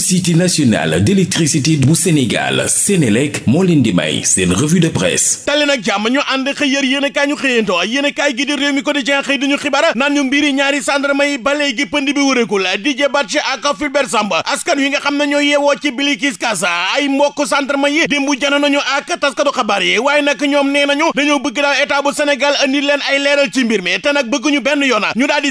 société nationale d'électricité bu Sénégal Sénélec moo leen di may seen revue de presse tali nag jàmm ñu ànd xëy yar yéen a kaay ñu xëyantoo yéen a kaay gi di réew mi quotidien xëy duñu xibaar naan ñu mbiri ñaari gendarme yi ba léegi pënd bi wërëgul Didier Badji ak Fulbert Sambou askan wi nga xam ne ñoo yeewoo ci Bilikis Kasa ay mbokk gendarme yi démb jano nañu ak taskatu xabaar yi waaye nag ñoom nee nañu dañoo bëgg daal état bu Sénégal andi leen ay leeral ñu daal di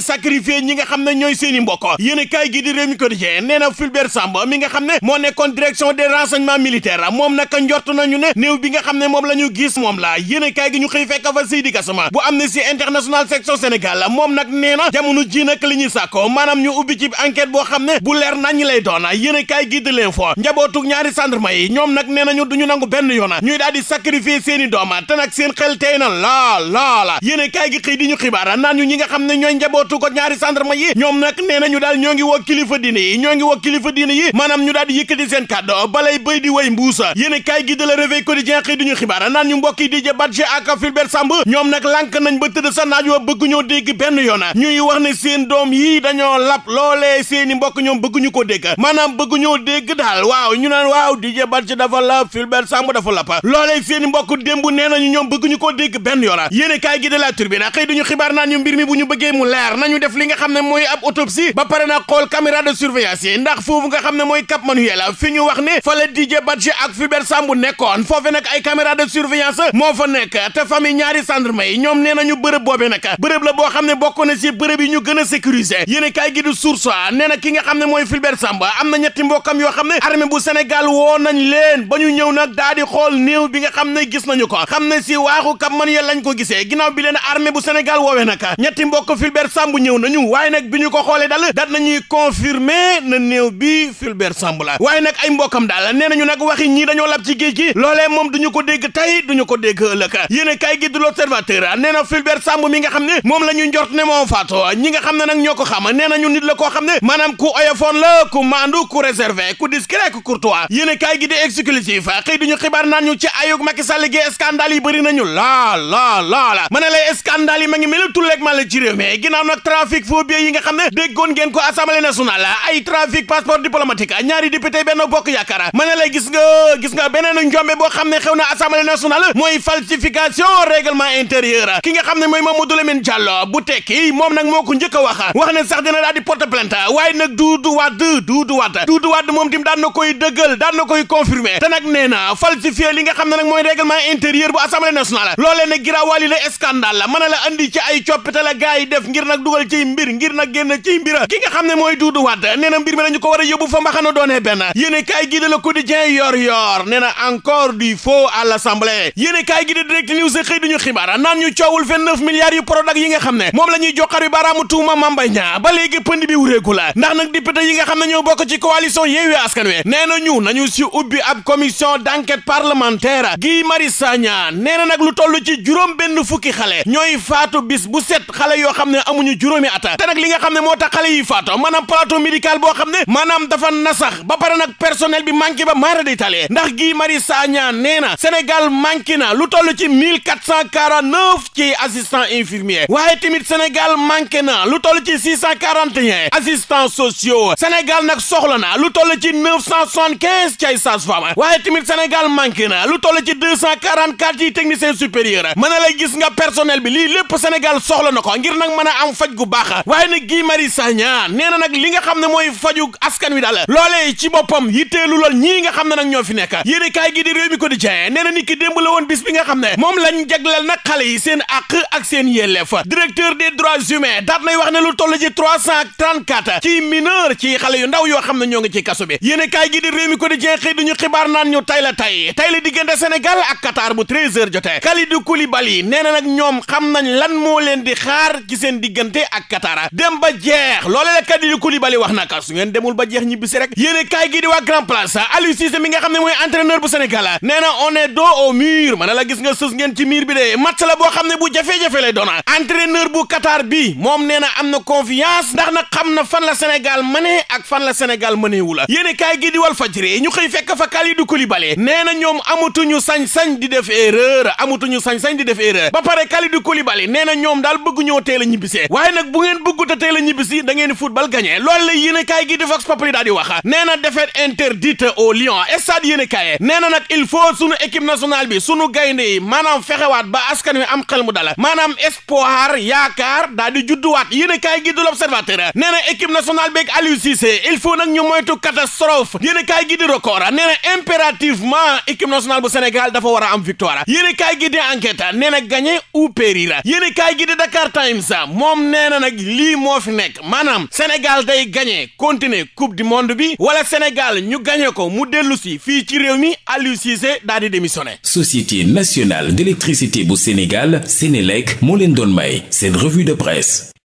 a kaay Samb mi nga xam ne moo nekkoon direction des renseignements militaires moom nag njort nañu ne néew bi nga xam ne moom la ñu gis moom la yéen kaay gi ñu xëy fekk fa Seydi Gassama bu Amnesty International section Sénégal moom nag nee na jamono ji nag li ñuy sàkko maanaam ñu ubbi ci enquête boo xam ne bu leer nañ lay doon yéen kaay gi de l'info njabootug ñaari gendarme yi ñoom nag nee nañu duñu nangu benn yoon ñuy daal di sacrifier seeni doom te nag seen xel tey na la la yéen kaay gi xëy di ñu xibaar naa ñu ñi nga xam ne ñooy njabootu ko ñaari gendarme yi ñoom nag nee nañu daal ñoo ngi woo kilifa diine yi ñoo ngi woo kilifa diine yenn yi maanaam ñu daal di yëkkati seen kàddu balay bëy di way mbuusa yéen kaay gi de la réveil quotidien xëy di ñu xibaar naan ñu mbokki di je Badji ak Fulbert Samb ñoom nag lànk nañ ba tëdd sa naaj wa bëgg ñoo dégg benn yoon ñuy wax ne seen doom yi dañoo lap loolee seeni mbokk ñoom bëgguñu ko dégg maanaam bëgguñoo dégg daal waaw ñu na waaw di je Badji dafa lap Fulbert Samb dafa lap loolee seeni mbokk démb nee nañu ñoom bëgguñu ko dégg benn yoon yéen kaay gi de la Tribune xëy di ñu xibaar naan ñu mbir mi bu ñu bëggee mu leer nañu def li nga xam ne mooy ab ba pare na xool caméra de surveillance yi ndax xam ne mooy Cap Manuel fi ñu wax ne fa la Didier Badji ak Fulbert Sambou nekkoon foofe nag ay caméra de surveillance moo fa nekk te ñaari gendarme yi ñoom nee nañu bërëb boobee nag bërëb la boo xam ne bokk na si bërëb yi ñu gën a sécuriser yéen kaay gi du nee na ki nga xam ne mooy Fulbert Sambou am na ñetti mbokkam yoo xam ne armée bu Sénégal woo nañ leen ba ñu ñëw nag daal di xool néew bi nga xam ne gis nañu ko xam ne si waaxu Cap lañ ko gisee ginnaaw bi leen armée bu Sénégal woowee nag ñetti mbokk Fulbert Sambou ñëw nañu waaye nag bi ñu ko xoolee dal daat nañuy confirmer na néew bi Fulbert Sambou waaye nag ay mbokkam daal nee nañu nag waxi ñii dañoo lab ci géej gi loolee moom ko dégg tey duñu ko dégg ëllëg yéen kay gi du l'Observateur nee na Fulbert Sambou mi xam ne moom la ñu njort ne moo faatu ñi nga xam ne nag ñoo ko xam ne maanaam ku oyofoon la ku maandu ku réservé ku discret ku courtois yéen kay gi di exclusif xëy duñu xibaar naan ñu ci ayug Macky Sall gi scandale yi bëri la la la ma ne lay scandale yi ma diplomatique ñaari député benn bokk yaakaar ma ne la gis nga gis nga beneen njombe boo xam ne xew na assemblée nationale mooy falsification règlement intérieur ki nga xam ne mooy Mamadou Lamine Diallo bu tekki moom nag moo ko njëkk a wax wax ne sax dina daal porte plainte waaye nag Doudou Wade Doudou Wade Doudou Wade moom tim daan na koy dëggal daan na koy confirmer te nag nee na li nga xam ne nag mooy règlement intérieur bu assemblée nationale loolee a la andi ne mooy Doudou a fa mbaxana doonee benn yéen i kaay gi de Le Quotidien yor yor nee na encore du faux à l'Assemblée yéen i kaay gi de Direct News xëy duñu xibaar naan ñu coowul 29 milliards yu Prodac yi nga xam ne moom la ñuy joxar yu baaraamu tuuma Mame Mbaye Niang ba léegi pënd bi wuréeku la ndax nag député yi nga xam ne ñoo bokk ci coalition Yewwi Askan Wi nee na ñu nañu si ubbi ab commission d'enquête parlementaire Guy Marius Sagna nee na nag lu toll ci juróom benn fukki xale ñooy faatu bis bu set xale yoo xam ne amuñu juróomi at te nag nga xam ne moo tax xale yi faatu maanaam plateau médical boo xam ne maanaam dafa dafa nasax ba pare nag personnel bi manqué ba maara day talee ndax Guy Marius Sagna nee na Sénégal manqué na lu toll ci mille quatre cent quarante neuf ci assistant infirmier waaye tamit Sénégal manqué na lu toll ci six cent quarante et un assistant sociaux Sénégal nag soxla na lu toll ci neuf cent soixante quinze ci ay waaye tamit Sénégal manqué na lu toll ci deux cent quarante quatre ci technicien supérieur mën na lay gis nga personnel bi lii lépp Sénégal soxla na ko ngir nag mën a am faj gu baax waaye nag Guy Marius Sagna nee na nag li nga xam ne mooy faju askan wi daal Sénégal loolee ci boppam yitteelu lool ñii nga xam ne nag ñoo fi nekk yéen kaay gi di réew mi quotidien nee na ni ki démb la woon bis nga xam ne moom lañ jagleel nag xale yi seen àq ak seen yelleef directeur des droits humains daat nay wax ne lu toll ci 334 ci mineur ci xale yu ndaw yoo xam ne ñoo ngi ci kaso bi yéen kaay gi di réew mi quotidien xëy duñu xibaar naan ñu tay la tay tay la diggante Sénégal ak Qatar bu 13h jotee Kalidou Koulibaly moo leen di xaar ci seen diggante ak Qatar dem ba jeex ñibbi si rek yéen a kaay gi di waa grand place Aliou Cissé mi nga xam ne mooy entraîneur bu Sénégal nee na on est dos au na la gis nga sës ngeen ci mur bi de match la boo xam ne bu jafe-jafe lay doon entraîneur bu Qatar bi moom nee na am na confiance ndax nag xam na fan la Sénégal mënee ak fan la Sénégal mëneewu la yéen a kaay gi di Walf Fadjri ñu xëy fekk fa Kalidou Koulibaly nee na ñoom amatuñu sañ-sañ di def erreur amatuñu sañ-sañ di def erreur ba pare Kalidou Koulibaly nee na ñoom daal bëgg ñoo teel a ñibbisee waaye nag bu ngeen bëggut a teel a ñibbisi da a daal di wax nee na défaite interdite au Lion stade yéen a kaay nee na nag il faut sunu équipe nationale bi sunu gaynde yi maanaam fexewaat ba askan wi am xel mu dala maanaam espoir yaakaar daal judduwaat yéen a kaay gi du l'observateur nee beeg Aliou Cissé il faut nag ñu moytu catastrophe yéen a kaay gi di record nee na impérativement bu Sénégal dafa war a am victoire yéen a kaay gi di enquête nee na gagner ou périr yéen a kaay gi di Dakar Times moom nee na monde bi wala Sénégal ñu gagné ko mu dellu si fii ci réew mi Aliou Cissé daal di démissionné. Société nationale d'électricité bu Sénégal Sénélec moo leen doon may seen revue de presse.